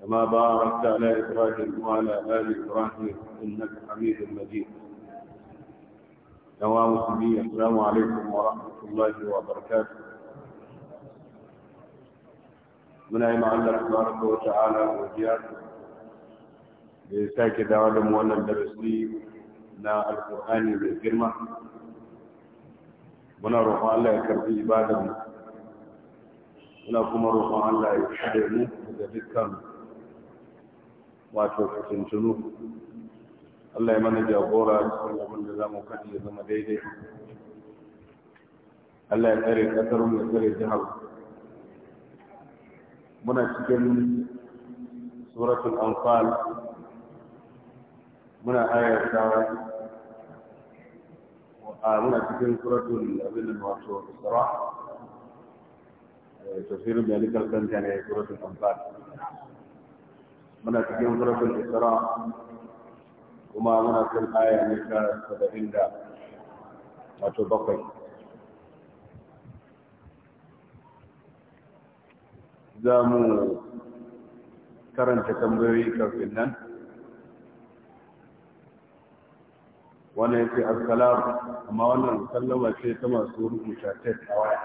كما باركت على إبراهيم وعلى آل إبراهيم إنك حميد مجيد نوام سبي السلام عليكم ورحمة الله وبركاته من أي الله تبارك وتعالى وجيات لساك دعوة مولى الدرسي نا القرآن بالكرمة من روح الله يكرم عباده من كما روح الله يشهد wato tuntunu Allah ya mana jagora cikin abin da za mu kaɗi ya zama daidai Allah ya tsare ƙasar mu ya tsare jihar muna cikin suratul anfal muna ayarta a muna cikin suratul abin da wato isra eh, tafsirin da ya nikar kanta ne suratul anfal muna cikin zurfin isra kuma muna kan aya ne ta saba'in da wato bakwai za mu karanta tambayoyi kafin nan ya ce assalam amma wannan sallama ce ta masu rubuta tet a waya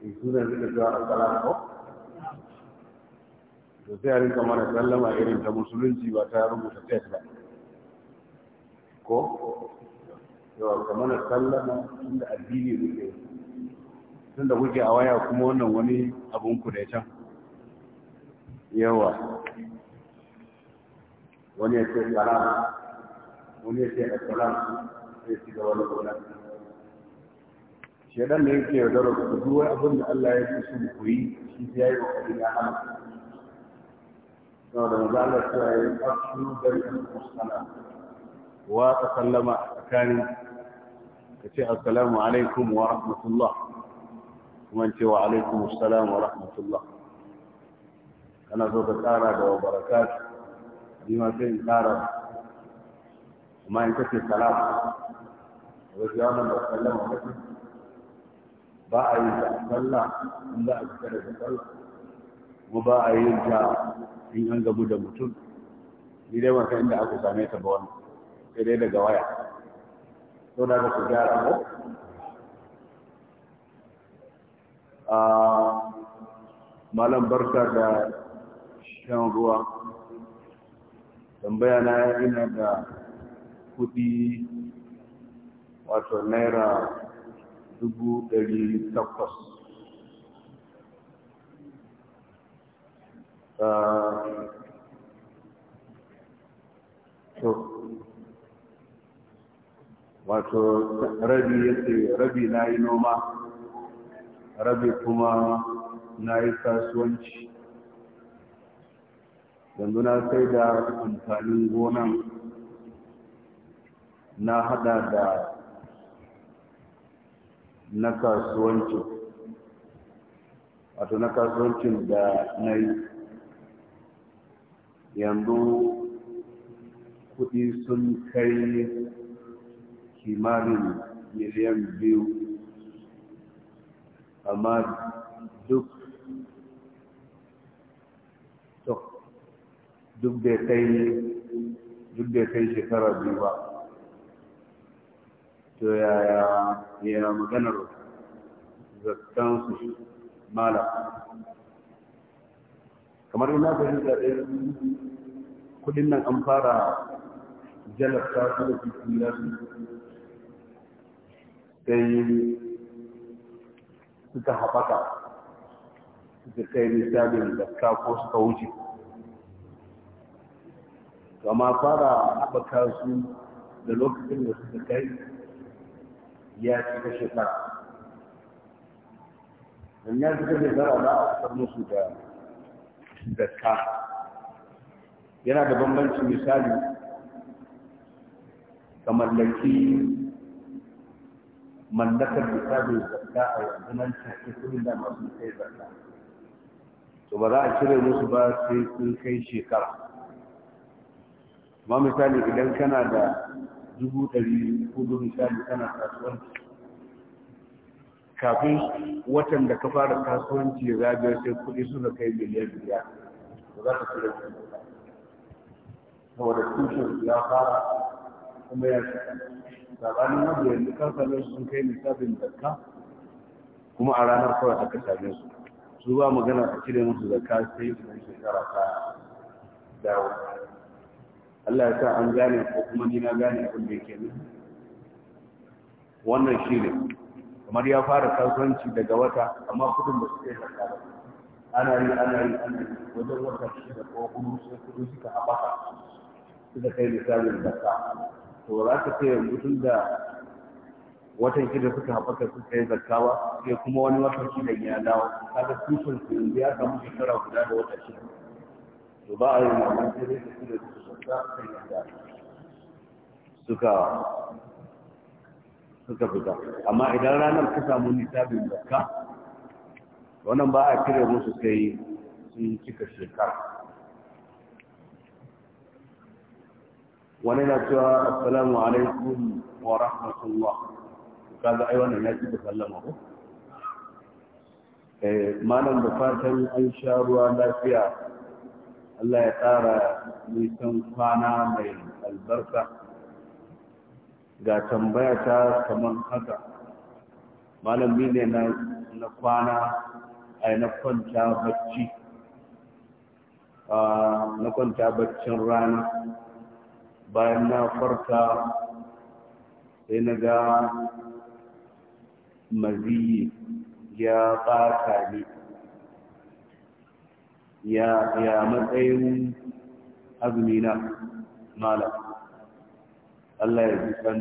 in sunan suka zuwa assalam ko da sai a rinka mana sallama irin ta musulunci ba ta rubuta tek ba ko yawa ka mana sallama inda addini sun tunda kuke a waya kuma wannan wani abin ku da can yawa wani ya ce salam wani ya ce assalam sai ci gaba wani gona shaidan da yake yaudarar ku duk wani abin da Allah ya fi sun ku yi shi ya yi wa kudin na hana قال وقال كتير السلام عليكم ورحمة الله ومن تيو عليكم السلام ورحمة الله أنا زود كارا وبركات بما تين كارا وما ينتهي السلام وجانا بسلام عليكم باعي الله إلا أكثر بسلام kuma ba a yin ta in an gabu da mutum ni dai wata inda aka same ta ba wani sai dai daga waya to da su gyara ko a malam barka da shan ruwa tambaya na ina da kudi wato naira dubu wato rabi ya ce rabi na yi noma rabi kuma na yi kasuwanci yanzu na sai da amfanin gonan na hada da na kasuwanci wato na kasuwancin da na yi yanzu kudi sun kai kimanin miliyan biyu amma duk duk da kai shekara biyu ba to yaya ya maganar zakkansu mala kamar ina da ɗaya kudin nan an fara jalasta su da kudin sai suka haɓaka suka kai misalin zakka ko suka wuce kama fara haɓaka su da lokacin da suka kai ya cika shekara dan ya shekara za a fitar su da zakka yana da bambancin misali ka mallaki mallakar misalin zakka a yanzu nan kudin da masu kai zakka to ba za a cire musu ba sai sun kai shekara amma misali idan kana da dubu ɗari hudu misali kana kasuwanci kafin watan da ka fara kasuwanci ya zagaya sai kuɗi suka kai miliyan biyar ba za ka cire kuɗi saboda tushen ya fara kuma ya sabanin wanda yanzu su sun kai nisabin zakka kuma a ranar kawai aka same su su ba magana a cire musu zakka sai su shekara ta dawo Allah ya sa an gane ko kuma ni na gane abin da yake nufi wannan shi ne kamar ya fara kasuwanci daga wata amma kudin ba su kai zakka ana yi ana yi ana wajen wata da ko hudu sai kudin suka haɓaka da kai misalin zakka to za ka ce yanzu tun da watan da suka haɓaka su yi zakkawa sai kuma wani watan da ya dawo kaga tushen su yanzu ya samu shekara guda da wata shi to ba a yi mamaki da su da su suka suka fita amma idan ranar ka samu nisabin zakka wannan ba a cire musu sai sun cika shekara wani na cewa assalamu alaikum wa rahmatullah kaga ai wannan ya cika sallama ko eh, malam da fatan an sha ruwa lafiya Allah ya tsara nisan kwana mai albarka ga tambaya ta kamar haka malami ne na kwana a na kwanta bacci na rana bayan na farka sai na ga maziyi ya ɓata ne ya matsayin azumina malam Allah ya ji kan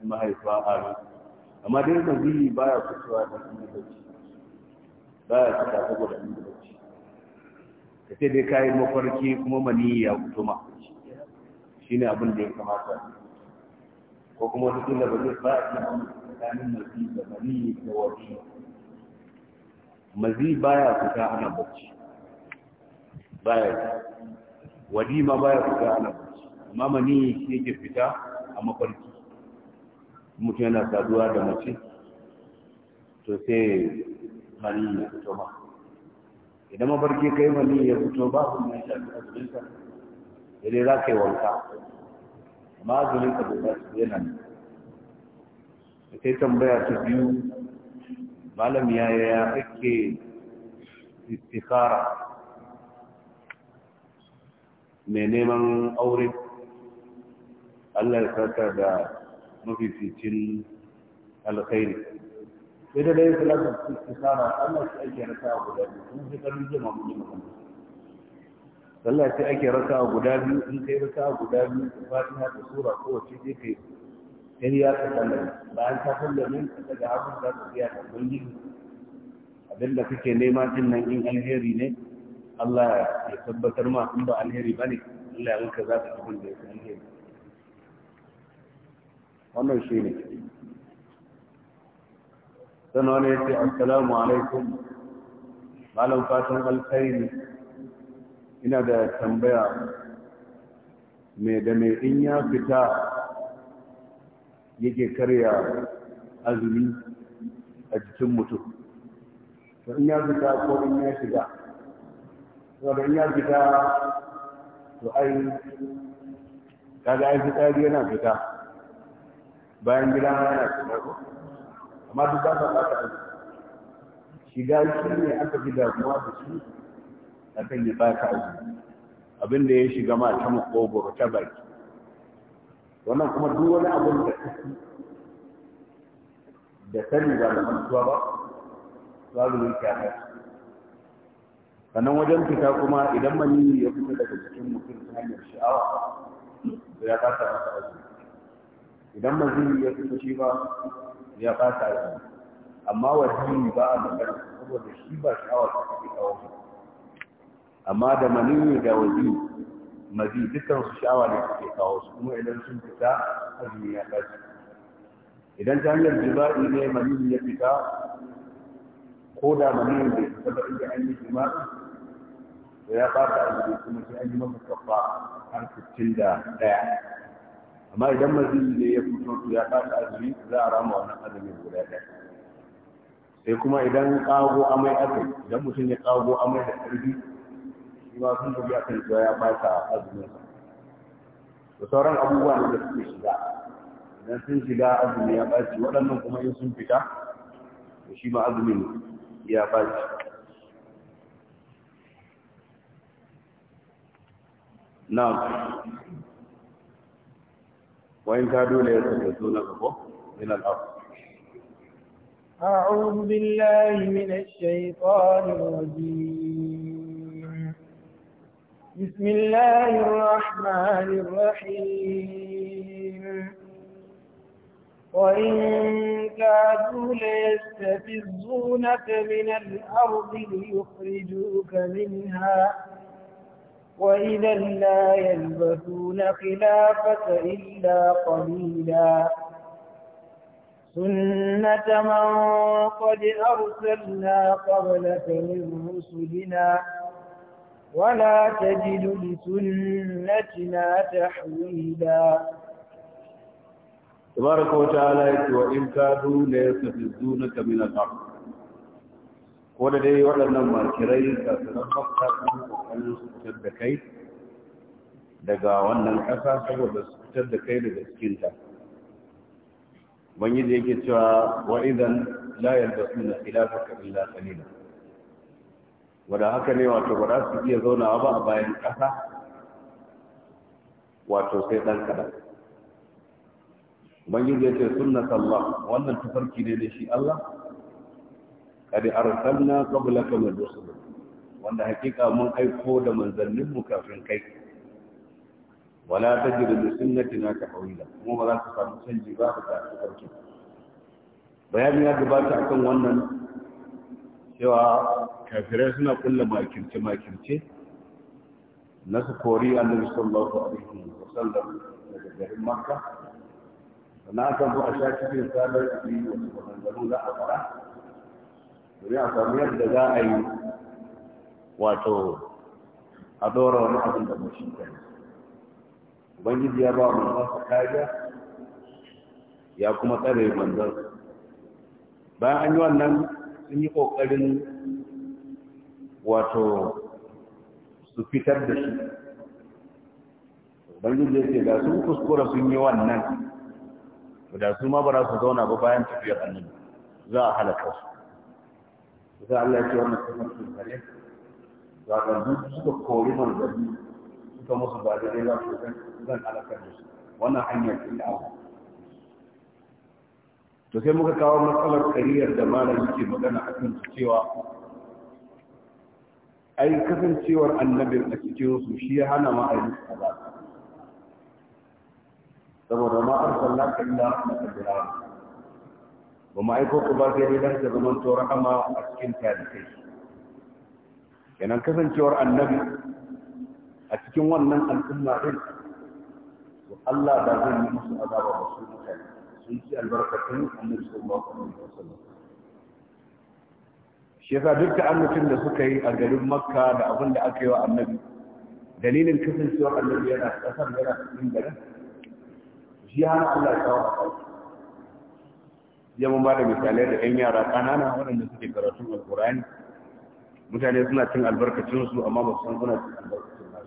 mahaifa a ran amma dai ba ya fitowa da inda bacci Ba baya fita saboda inda bacci ka ce dai kayan mafarki kuma mani ya fito ma shi ne abin da ya kamata ko kuma wata kila ba zai ba a cikin tsakanin mazi da mani da wani mazi baya fita ana bacci baya wadi ma ya fita ana bacci amma mani shi yake fita a mafarki mutum yana saduwa da mace to sai mani ya fito ma idan mafarki kai mani ya fito ba ku ne shafi azuminka idan za ka yi wanka amma azuminka da za su yana ne da kai tambaya ta biyu malam ya ya ake istikhara mai neman aure Allah ya saka da mafificin alkhairi sai da dai kula da istisara Allah shi ake rasa guda biyu kuma sai kan ji ma mun magana Allah sai ake rasa guda biyu in kai rasa guda biyu fatiha da sura ko wace ce kai in ya ka sallah bayan ka sallah min ta daga abin da ka biya ka Abin da kake nema din nan in alheri ne Allah ya tabbatar ma in ba alheri bane Allah ya ka za ka abin da ya alheri wannan shi ne sannan wani ya ce assalamu alaikum malam fatan alkhairi ina da tambaya mai da mai in ya fita yake karya azumi a jikin mutum to in ya fita ko in ya shiga Saboda in ya fita to ai kaga ai fitsari yana fita bayan gida yana shiga ko amma duk ba ta baka shiga shi ne aka fi damuwa da shi a kan ya baka aiki abin da ya shiga ma ta makogoro ta baki wannan kuma duk wani abin da ta fi da sani ba da mantuwa ba su yi kyakar sannan wajen fita kuma idan mani ya fita daga cikin mutum ta hanyar sha'awa ya kasa masa azumi idan manzili ya fito shi ba ya ɓata yi amma wajini ba a magana saboda shi ba sha'awar ta fi kawo amma da maniyu da waji mazi dukkan su sha'awa da suke kawo su kuma idan sun fita azumi ya ɓaci idan ta hanyar jima'i ne maniyu ya fita ko da maniyin da fita ba inda an yi jima'i da ya ɓata azumi kuma sai an yi mafi kafa har sittin da ɗaya amma idan mazini ne ya fito to ya ɓata azumi za a rama wannan azumin guda ɗaya sai kuma idan ƙago amai aka yi idan mutum ya ƙago amai da ƙarfi shi ma sun tafiya akan cewa ya ɓata azumin sa da sauran abubuwa ne da suke shiga idan sun shiga azumi ya ɓaci waɗannan kuma in sun fita to shi ma azumin ya ɓaci na. وإن كادوا ليستفزونك من الأرض أعوذ بالله من الشيطان الرجيم بسم الله الرحمن الرحيم وإن كادوا ليستفزونك من الأرض ليخرجوك منها وإذا لا يلبثون خلافك إلا قليلا سنة من قد أرسلنا قبلك من رسلنا ولا تجد لسنتنا تحويلا تبارك وتعالى وإن كادوا ليستفزونك من الأرض ولدي ولنا ما كريت فنفقت hannu su fitar da kai daga wannan ƙasa saboda su fitar da kai daga cikinta ubangiji yake cewa wa idan la yalbasuna khilafaka illa qalila wanda haka ne wato ba za su iya zaunawa ba a bayan ƙasa wato sai ɗan kaɗan ubangiji ya ce sunnat Allah wannan tafarki ne da shi Allah kada arsalna qablaka min rusul wanda hakika mun aiko da manzannin mu kafin kai wala tajidu li sunnatina tahwila kuma ba za ka samu canji ba da tsarkin Bayani ya gabata akan wannan cewa kafirai suna kulla makirce makirce na su kori annabi sallallahu alaihi wasallam daga garin makka Na akan zo a sha cikin sadar da yi wasu maganganu za a fara domin a samu yadda za a yi wato a dora wani abin da mu shi kai ubangiji ya ba mu masa kariya ya kuma tsare manzon bayan an yi wannan sun yi kokarin wato su fitar da shi ubangiji ya ce ga sun kuskura sun yi wannan da su ma ba za su zauna ba bayan tafiyar annabi za a halaka su za Allah ya ce wannan sun kare zagandu suka kori manzanni suka musu ba daidai za su zan halakar da su wannan hanyar ce da to sai muka kawo matsalar kariyar da malam yake magana a kan cewa ai kasancewar annabin a cikin su shi ya hana ma a yi saboda ma arsalnaka illa rahmatan lil alamin ba ma aiko ku ba sai dai dan ta zaman to rahama a cikin tarihi kenan kasancewar annabi a cikin wannan al'umma din to Allah ba zai yi musu azaba ba su mutane sun ci albarkatun annabi sallallahu alaihi wasallam shi yasa duk ta'annucin da suka yi a garin makka da abin da aka yi wa annabi dalilin kasancewar annabi yana kasar yana cikin garin shi hana Allah ya kawo a ya mun ba da misalai da 'yan yara ƙanana waɗanda suke karatun alƙur'ani mutane suna cin albarkacin su amma ba su san suna cin albarkacin nasu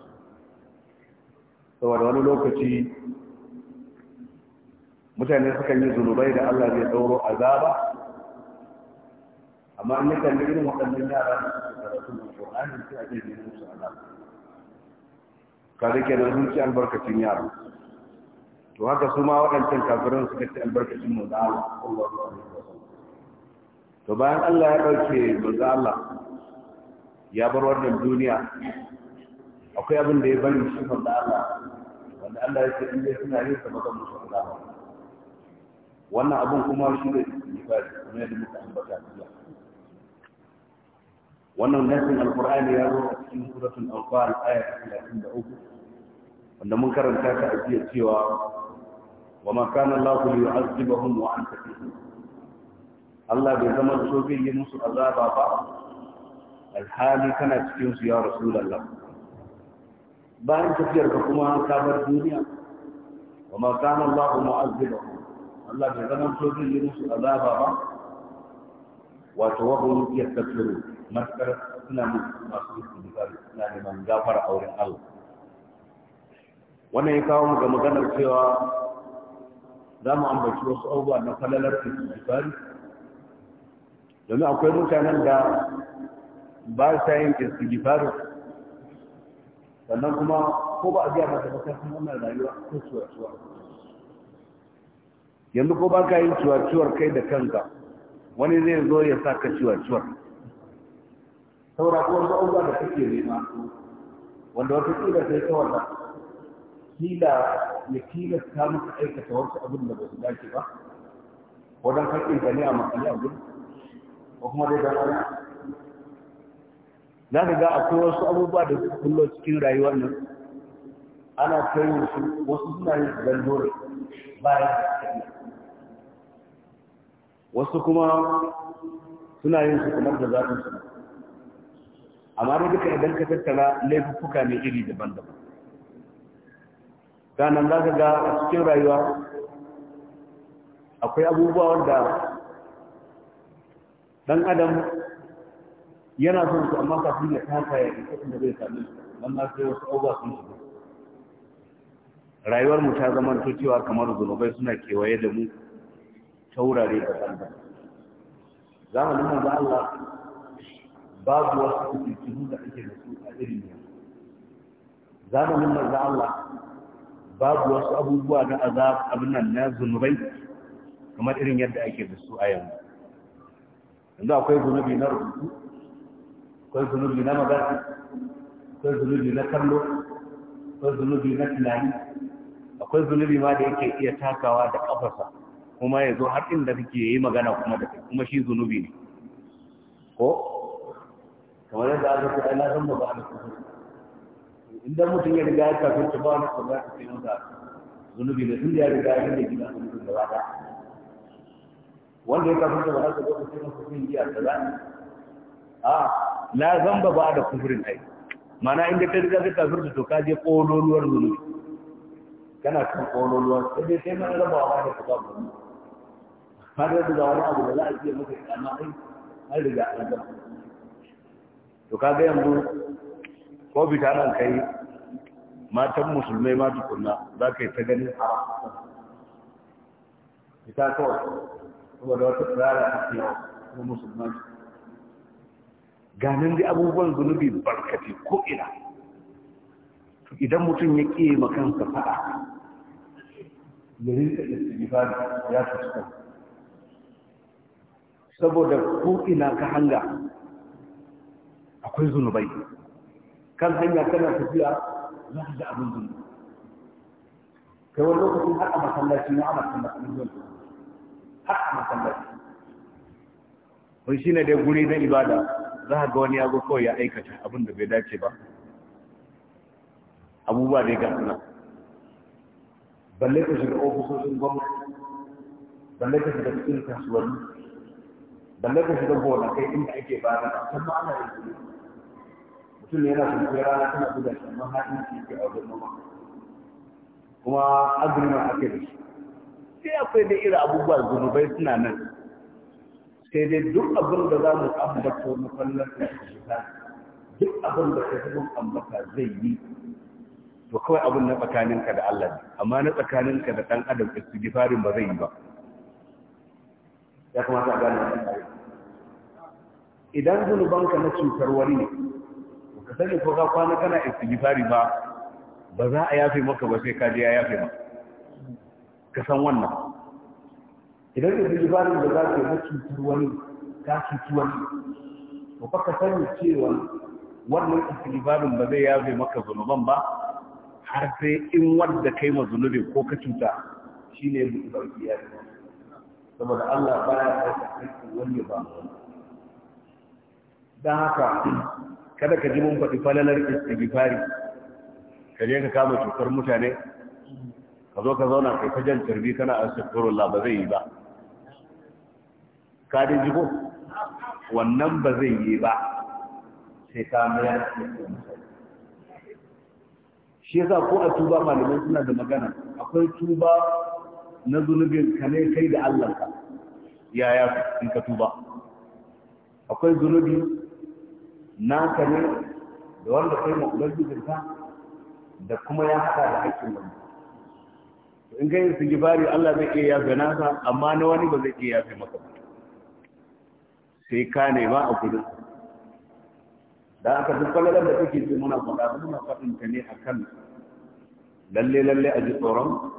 saboda wani lokaci mutane suka yi zunubai da Allah zai dauro azaba amma an yi kalli irin waɗannan yara da suke karatu da Qur'ani sai a ce ne musu azaba kaga kenan sun ci albarkacin yara to haka su ma waɗancan kafirin suka ci albarkacin mu da Allah sallallahu alaihi to bayan Allah ya dauke da Allah ya bar wannan duniya akwai abin da ya bari shi da Allah wanda Allah ya ce in dai suna yin sa da musu alama. wannan abin kuma shi ne ibadi kuma yadda muka ambata jiya wannan nasin alqur'ani ya zo a cikin suratul anfal aya 33 wanda mun karanta ta a jiya cewa wa ma kana Allah yu'azzibuhum wa anta fihim Allah bai zama so zai yi musu azaba ba alhali kana cikin su ya rasulullah bayan tafiyar ka kuma ka bar duniya wa ma kana Allah mu'azzibahu Allah bai zama so zai yi musu azaba ba wato wa hum yastaghfiru maskar suna masu istighfar suna neman gafara a wurin Allah wannan ya kawo mu ga maganar cewa za mu ambaci wasu abubuwa na falalar istighfar domin akwai mutanen da ba sa yin istighfar sannan kuma ko ba a biya mata bukatun wannan rayuwa ko cuwa-cuwa yanzu ko ba ka yin cuwa-cuwar kai da kanka wani zai zo ya sa ka cuwa-cuwar saura ko wanda abubuwa da kake nema wanda wata kila sai ka wanda kila ya tilasta maka aikata wasu abin da ba su dace ba wadan kan ne a matsayi abin ko kuma dai da za ka ga akwai wasu abubuwa da suka kullo cikin rayuwar nan ana kai su wasu suna yin su zandore bayan wasu kuma suna yin su kamar da za su amma da duka idan ka tattara laifuka ne iri daban-daban ganin za ka ga a cikin rayuwa akwai abubuwa wanda ɗan adam yana son su amma kafin ya taka ya yi kasan da zai sami don na sai wasu abubuwa sun shiga rayuwar mu ta zama to cewa kamar zunubai suna kewaye da mu ta wurare da kanta zamanin nan da Allah babu wasu cikin da ake da su a irin yau zamanin nan da Allah babu wasu abubuwa na azab abin nan na zunubai kamar irin yadda ake da su a yanzu yanzu akwai zunubi na rubutu akwai zunubi na magana akwai zunubi na kallo akwai zunubi na tunani akwai zunubi ma da yake iya takawa da kafarsa kuma ya zo har inda suke yi magana kuma da kai kuma shi zunubi ne ko kamar yadda aka ce ai na zan ba ba inda mutum ya riga ya kafin ta ba wani kuma ya ta ce zunubi ne sun da ya riga ya riga gina zunubin da ba wanda ya kafin ta ba za ta ce masa sun yi a kaza a la zamba ba da kufurin ai mana inda ta riga ta kafir da ka je kololuwar zunubi kana kan kololuwar sai dai sai mana raba wa da kuma ba har yanzu da wani abu da za a ce maka kana ai har riga an gama to kaga yanzu ko bi ta nan kai matan musulmai ma tukunna za ka yi ta ganin haram ita kawai saboda wata tsara ta cikin musulmai ganin da abubuwan zunubi barkati ko ina idan mutum ya ƙi makansa faɗa ya rinka istighfar ya fuskar saboda ko ina ka hanga akwai zunubai kan hanya kana tafiya za ka ga abin zunubi kai wani lokacin haka masallaci na ana masallacin zunubi har masallaci, masallaci shi ne dai guri na ibada za a ga wani ya zo kawai ya aikata abin da bai dace ba abubuwa dai ga suna balle ka shiga ofisoshin gwamnati balle ka shiga cikin kasuwanni balle ka shiga kai inda ake ba na kan ma ana yin mutum yana kwanciyar rana tana guda shi amma haɗin shi ke a wajen noma kuma azumin ake da shi sai akwai da irin abubuwa zunubai suna nan sai dai duk abin da za mu ambata na kallon da shi duk abin da ka zama ambata zai yi to kawai abin na tsakaninka da Allah ne amma na tsakaninka da ɗan adam istighfarin ba zai yi ba ya kamata a gane idan zunubanka na cutar wani ne ka sani ko ka kwana kana istighfari ba ba za a yafe maka ba sai ka je ya yafe maka ka san wannan idan da duk ibadar da za ka yi na cutar wani ka cuci wani to fa sani cewa wannan ibadar ba zai yafe maka zunuban ba har sai in wanda kai ma zunubi ko ka cuta shine mutu barki ya saboda Allah baya ɗauka aikin wani ba wani don haka kada ka ji mun faɗi falalar istighfari ka je ka kama cutar mutane ka zo ka zauna kai ta jan tarbi kana astaghfirullah ba zai yi ba ka dai jigo wannan ba zai yi ba sai ka mayar da shi yasa ko a tuba malamai suna da magana akwai tuba na zunubin ka ne kai da Allah ka yaya in ka tuba akwai zunubi na ka ne da wanda kai ma ubangijin da kuma ya hada da hakkin wani in kai su gibari Allah zai iya yafe nasa amma na wani ba zai iya yafe maka ba sai ka ma a gudun da aka duk kwallon da kake ce muna faɗa muna faɗin ta ne a kan lalle lalle a ji tsoron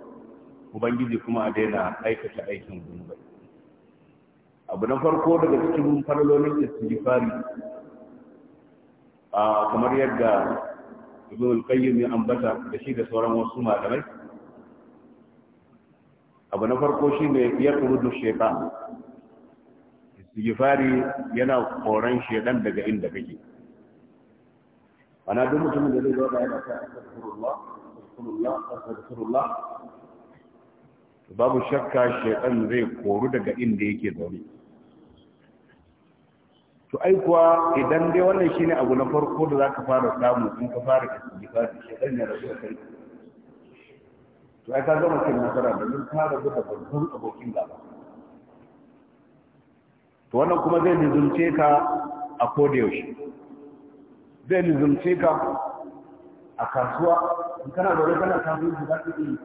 ubangiji kuma a daina aikata aikin zunubai abu na farko daga cikin farlonin fari. a kamar yadda ibn al-qayyim ya ambata da shi da sauran wasu malamai abu na farko shi ne ya kurudu shekaru istighfari yana koran shaidan daga inda kake ana duk mutumin da zai zo da yana ta astaghfirullah babu shakka shaidan zai koru daga inda yake zaune to ai kuwa idan dai wannan shi ne abu na farko da za ka fara samu in ka fara istighfari shaidan ya rasu da kai to aika ka zama ke nasara da zai fara da babban abokin gaba to wannan kuma zai nizumce ka a kodayaushe zai nizumce ka a kasuwa in kana zaune kana kasuwanci za ka iya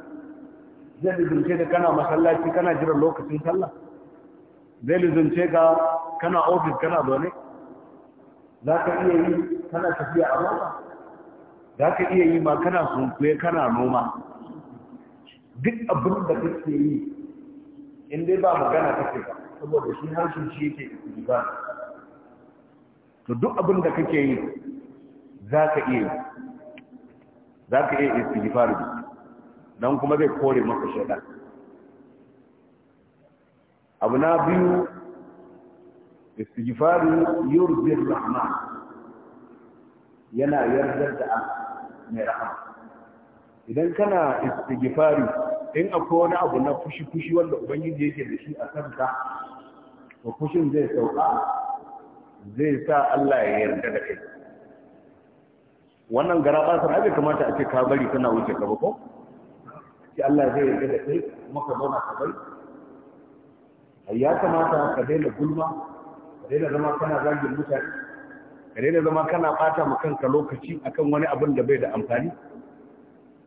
zai nizumce da kana masallaci kana jiran lokacin sallah zai nizumce ka kana ofis kana zaune za ka iya yi kana tafiya a roma za ka iya yi ma kana sunkuye kana noma duk abin da kake yi in dai ba magana kake ba saboda shi harshen shi yake ba to duk abin da kake yi za ka iya yi za ka iya istighfar bi don kuma zai kore maka shaɗa. abu na biyu istighfar yurbir rahman yana yarda da mai rahama idan kana istighfari in akwai wani abu na fushi-fushi wanda ubangiji yake da shi a kanka to fushin zai sauka zai sa Allah ya yarda da kai wannan garaba basar abin kamata a ce ka bari kana wuce ka ba ko ki Allah zai yarda da kai kuma ka zauna ka bari ya kamata ka daina gulma ka daina zama kana zagin mutane ka daina zama kana bata ma kanka lokaci akan wani abin da bai da amfani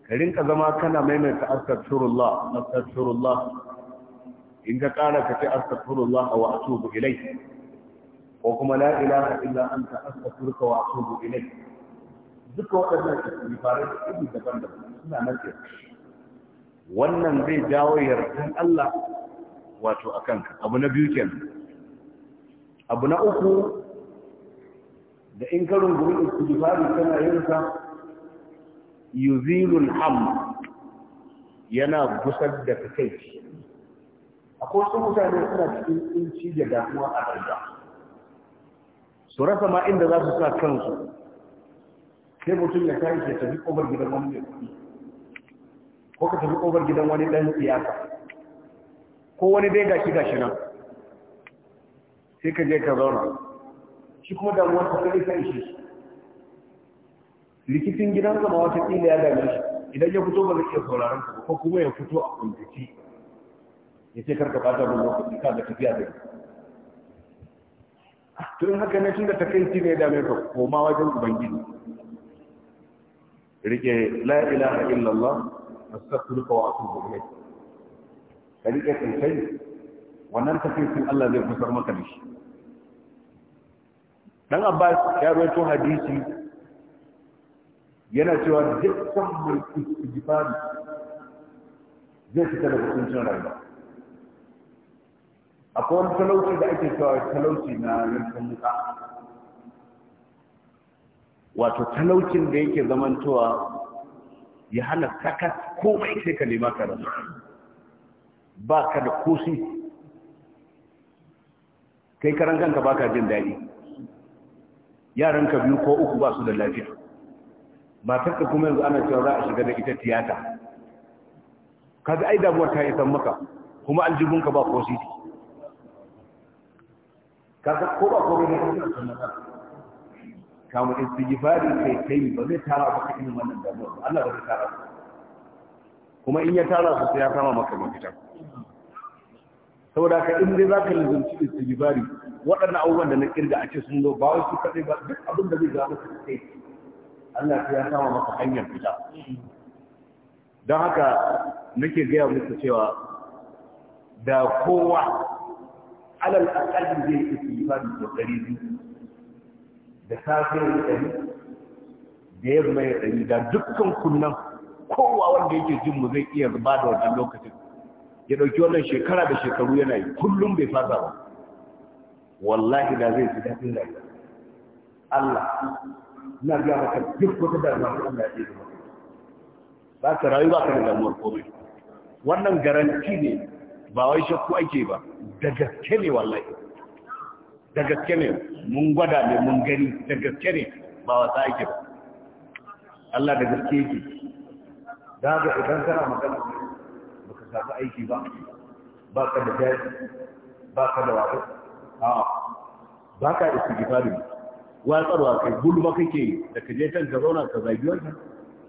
ka rinka zama kana maimaita astaghfirullah astaghfirullah in ka kara ka ce astaghfirullah wa atubu ilai ko kuma la ilaha illa anta astaghfiruka wa atubu ilai duka waɗannan istighfarai iri daban-daban suna nan ke wannan zai jawo yardan Allah wato akan ka abu na biyu kenan abu na uku da in ka rungumi istighfari kana yin sa yuzilul ham yana gusar da kai. akwai su mutane suna cikin inci da damuwa a rayuwa su rasa ma inda za su sa kansu sai mutum ya tashi ya tafi kofar gidan wani mai kuɗi ko ka tafi kofar gidan wani dan siyasa ko wani dai gashi gashi nan sai ka je ka zauna shi kuma damuwa ta kai sai shi Likitin gidan ma wata ƙila ya dame shi idan ya fito ba zai iya sauraron ka ko kuma ya fito a kuntaci ya ce karka fata mun lokaci ka da tafiya da tun haka ne tunda takaici ne dame ka koma wajen ubangiji rike la ilaha illallah astaghfiruka wa atubu ilayk ka rike kai wannan takaicin Allah zai kusar maka da shi dan Abbas ya rawaito hadisi yana cewa duk san mai istighfari zai fita da kuncin rayuwa akwai wani talauci da ake cewa talauci na yankin muka wato talaucin da yake zamantowa ya hana sakat mai sai ka nema ka rasu ba ka da kusi kai karan kanka ba ka jin daɗi yaranka biyu ko uku ba su da lafiya matarka kuma yanzu ana cewa za a shiga da ita tiyata ga ai damuwa ta san maka kuma ka ba ko siti ga ko ba ko ne kamu istighfari kai kai ba zai tara maka cikin wannan damuwar Allah ba zai tara kuma in ya tara su sai ya kama maka mafita saboda ka in dai zaka lazumci istighfari waɗannan abubuwan da na kirga a ce sun zo ba wasu kaɗai ba duk abin da zai ga maka kai Allah ya kama maka hanyar fita don haka nake gaya muku cewa da kowa alal akalli zai isi ba da kokari da safe ya da yamma ya ɗari da dukkan kunnan kowa wanda yake jin mu zai iya ba da wannan lokacin ya ɗauki wannan shekara da shekaru yana yi kullum bai fasa ba wallahi da zai fi daɗin rayuwa Allah ina ga maka duk wata damuwa ta Allah ya yi maka ba ka rayu ba ka da damuwar komai wannan garanti ne ba wai shakku ake ba da gaske ne wallahi da gaske ne mun gwada ne mun gani da gaske ne ba wata ake ba Allah da gaske yake da ga idan kana magana ka samu aiki ba ba ka da jari ba ka da wato. a ba ka istighfari watsarwa kai gulma kake da ka je kan ka zauna ka zagi wannan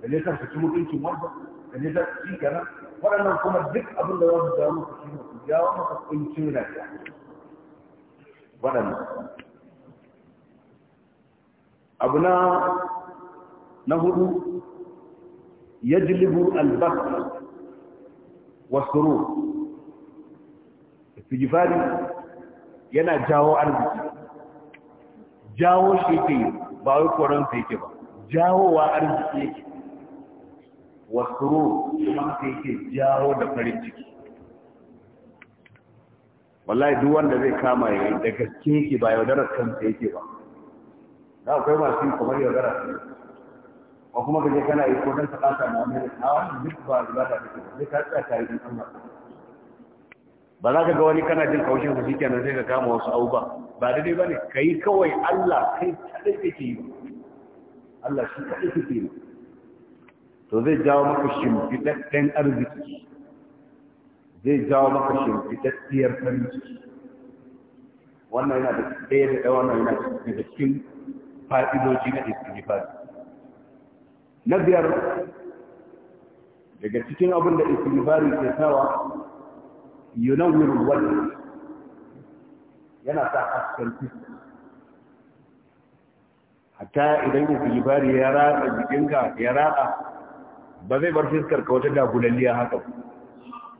da ne kan ci mutuncin wannan da ne kan ci kana waɗannan kuma duk abin da za su jawo maka shi ne ya jawo maka kuncin rayuwa waɗannan abu na na hudu yajlibu albakr wasurur istighfari yana jawo arziki jawo shi ke yi ba wai koron sa yake ba wa arziki yake wasuru kuma haka yake jawo da farin ciki wallahi duk wanda zai kama ya yi da gaske yake ba yaudarar kansa yake ba na akwai masu yi kamar yaudara ko kuma ka je kana yi ko don ka kasa na amurka a wani duk ba zuba ta take sai ka tsaya ta yi Allah ba za ka ga wani kana jin kaushin su nan sai ka kama wasu abu ba daidai bane kai kawai Allah kai kadai kake yi Allah shi kadai kake yi to zai jawo maka shimfidadden arziki zai jawo maka shimfidaddiyar farin ciki wannan yana da ɗaya da ɗaya wannan yana daga cikin fa'idoji na istighfar na biyar daga cikin abin da istighfar ke sawa yunawwiru wajhi yana sa hasken fuska hatta idan ya fi bari ya ratsa jikinka ya ratsa ba zai bar fiskar ka wata dagulalliya haka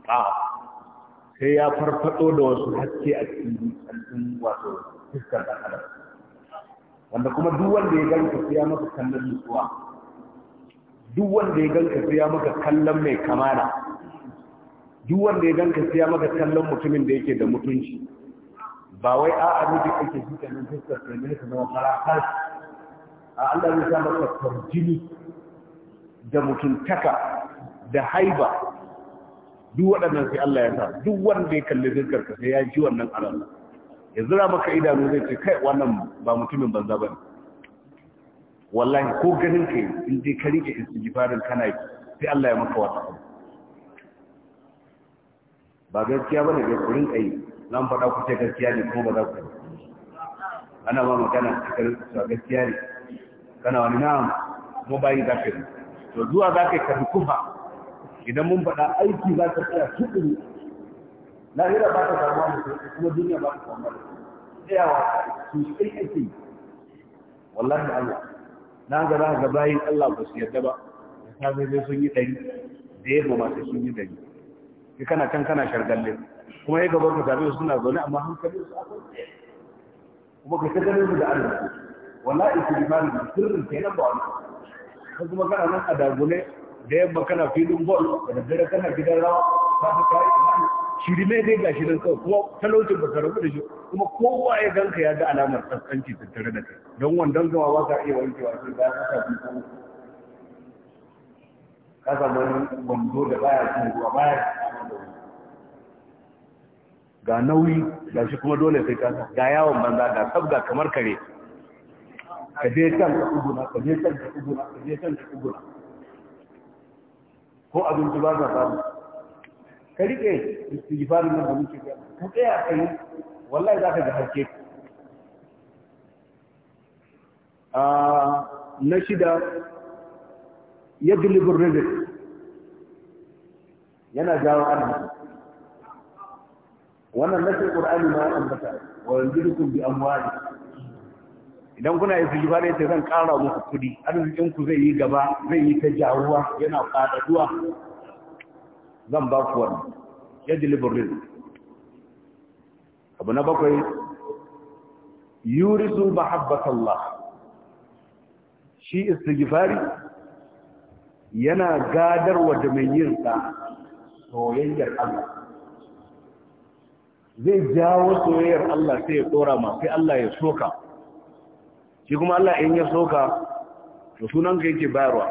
ba. sai ya farfado da wasu haske a cikin wato fiskar da kada wanda kuma duk wanda ya ganka sai ya maka kallon nutsuwa duk wanda ya ganka sai ya maka kallon mai kamala duk wanda ya ganka siya maka kallon mutumin da yake da mutunci ba wai a a miji ake shi nan fuskar ka ne ka zama farakar a Allah ya sa maka tarjini da mutuntaka da haiba duk waɗannan sai Allah ya sa duk wanda ya kalli zirkar ka sai ya ji wannan aran ya zira maka idanu zai ce kai wannan ba mutumin banza ne. wallahi ko ganin yi in dai ka rike istighfarin kana yi sai Allah ya maka wata abu ba gaskiya bane ga kurin kai nan faɗa ku ce gaskiya ne kuma ba za ku ana ba magana cikin su gaskiya ne kana wani na'am kuma bayi za ka to zuwa za ka yi kufa idan mun faɗa aiki za ka tsaya tukuru hira ba ta samuwa da su kuma duniya ba ta samuwa da su tsayawa su sai aiki wallahi Allah na ga za ga bayin Allah ba su yadda ba ta zai sun yi ɗari da ba masu sun yi ɗari ya kana can kana shargalle kuma ya gabar ka same suna zaune amma hankali su akwai kuma ka ta gani da Allah wallahi su limani da sirrin kenan ba wani ka kuma kana nan a dagune da yamma kana filin bol da daddare kana gidan rawa ba ta kai imani shiri dai gashi shirin ka kuma talaucin ba ka da shi kuma kowa ya ganka ya ga alamar tsantsanci tattare da kai don wannan gama ba ka iya wankewa sai ba ka ta biyu ka samu wani wando da baya cin ruwa baya ga nauyi ga shi kuma dole sai kasa ga yawon banza ga sabga kamar kare ka je can ka tsuguna ka je can ka tsuguna ka je can ka tsuguna ko abinci ba za samu ka rike istighfarin nan da muke ga ka tsaya kai wallahi za ka ga harke a ah, na shida yadlibur rizq yana jawo arziki wannan nasin qur'ani ma an ambata wa yanzirukum bi amwali idan kuna yi sujuba ne sai zan kara muku kudi arzikin ku zai yi gaba zai yi ta jaruwa yana fadaduwa zan ba ku wannan ya rizq abu na bakwai yurisu mahabbatallah shi istighfari yana gadarwa da mai yin sa soyayyar Allah zai jawo soyayyar Allah sai ya tsora ma sai Allah ya soka shi kuma Allah in ya soka to sunanka yake bayarwa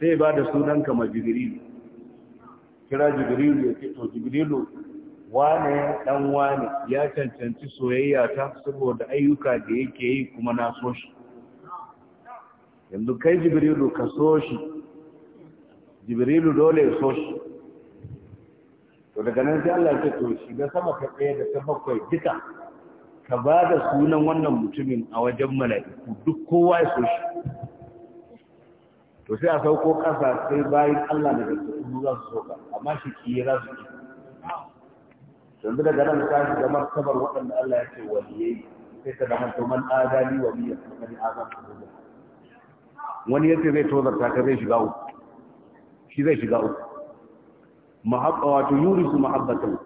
sai ba da sunanka ma jibrilu kira jibrilu ya ce to jibrilu wane dan wane ya cancanci soyayya ta saboda ayyuka da yake yi kuma na so shi yanzu kai jibrilu ka so shi jibrilu dole ya so shi to daga nan sai Allah ya ce to shiga sama ka tsaye da ta bakwai duka ka ba da sunan wannan mutumin a wajen mala'iku duk kowa ya so shi to sai a sauko ƙasa sai bayan Allah daga cikin za su soka amma shi kiye za su ki yanzu daga nan ta shiga martabar waɗanda Allah ya ce waliyai sai ka zama to man adali wa biyar kuma ni azan wani yace zai tozarta ka zai shiga uku shi zai shiga uku mahabba wato yurisu mahabbatan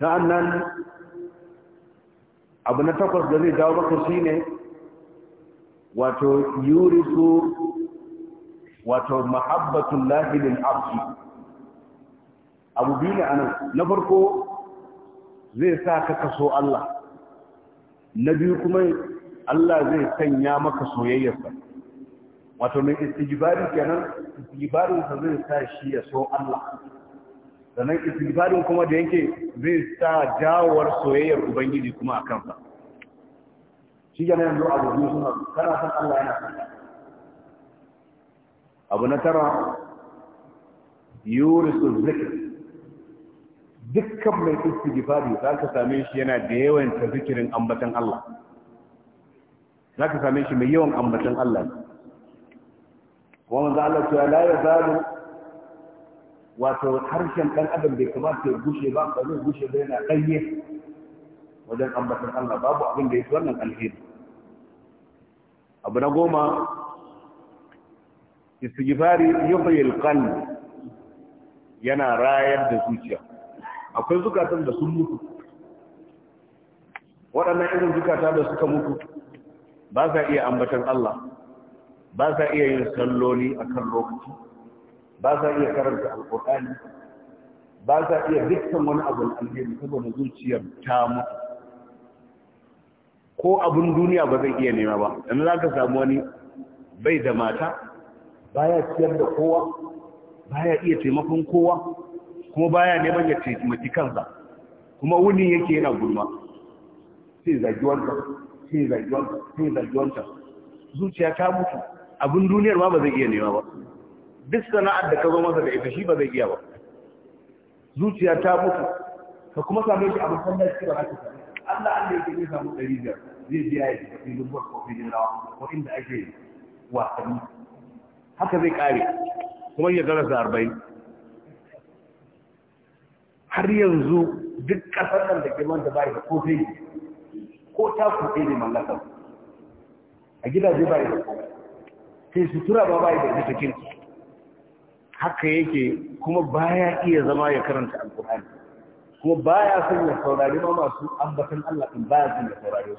sa'annan abu na takwas da zai dawo maka shi ne wato yurisu wato mahabbatun lahilin abdi abu biyu ne a nan, na farko zai sa ka kaso Allah na biyu kuma Allah zai sanya maka soyayyarsa wato mai istijibari kenan istijibarin sa zai sa shi ya so Allah sannan istijibarin kuma da yake zai sa jawowar soyayyar ubangiji kuma a kansa shi nan yanzu abu biyu suna kana san Allah yana san abu na tara yurisu zikr dukkan mai istijibari za ka same shi yana da yawan zikirin ambatan Allah za ka same shi mai yawan ambatan Allah ne kuma Allah cewa la yazalu wato harshen ɗan adam bai kamata ya gushe ba ba zai gushe ba yana ɗanye wajen ambatan Allah babu abin da fi wannan alheri abu na goma istighfari yuhyi alqalb yana rayar da zuciya akwai zukatan da sun mutu waɗannan irin zukata da suka mutu ba sa iya ambatan Allah ba sa iya yin salloli a kan lokaci ba sa iya karanta alƙur'ani ba sa iya dukkan wani abin alheri saboda zuciyar ta mutu ko abin duniya ba zai iya nema ba yanzu za ka samu wani bai da mata baya ciyar da kowa baya iya taimakon kowa kuma baya neman ya taimaki kansa kuma wuni yake yana gulma sai zagiwanta sai zagiwanta sai zagiwanta zuciya ta mutu abin duniyar ma ba zai iya nema ba duk sana'ar da ka zo masa da ita shi ba zai iya ba zuciya ta mutu ka kuma same shi a shi ba za ka samu Allah da yake zai samu ɗari biyar zai biya ya fi cikin bol ko filin rawa ko inda ake wasanni haka zai kare kuma ya garasa arba'in har yanzu duk ƙasar nan da girman da bai da ko ko ta kuɗe ne mallakar a gidaje bai da komai sai sutura ba bai da ita kirki haka yake kuma baya iya zama ya karanta alkur'ani kuma baya son ya saurari ma masu ambatan Allah din baya son ya saurari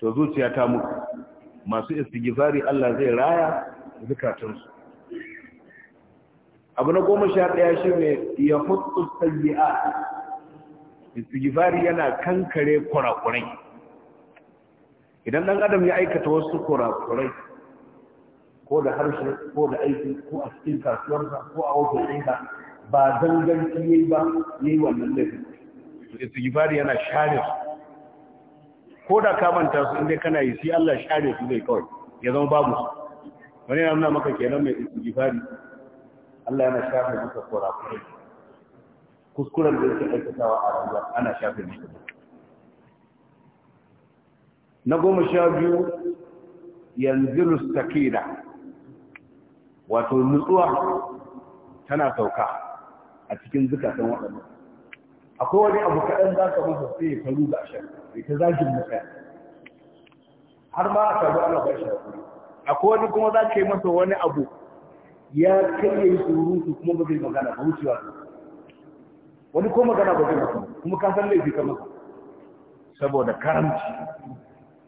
to zuciya ta mutu masu istighfari Allah zai raya zukatun su abu na goma sha ɗaya shi ne ya hutu a istighfari yana kankare kurakurai idan dan adam ya aikata wasu kurakurai ko da harshe ko da aiki ko a cikin kasuwarsa ko a wajen aika, ba zanganci yayi ba yayi wannan laifin istighfari yana share su ko da ka manta su inda kana yi sai Allah share su zai kawai ya zama babu su wani yana nuna maka kenan mai istighfari Allah yana share maka kurakurai kuskuren da yake aikatawa a rayuwa ana shafe maka na goma sha biyu yanzu sakina wato nutsuwa tana sauka a cikin zukatan waɗanda akwai wani abu kaɗan za ka masa sai ya faru ga ashirin ita ta zagin mutane har ma a sabu ana ba shi hakuri akwai wani kuma za ka yi masa wani abu ya kai yi surutu kuma ba zai magana ba wucewa wani ko magana ba zai magana kuma ka san laifi ka masa saboda karamci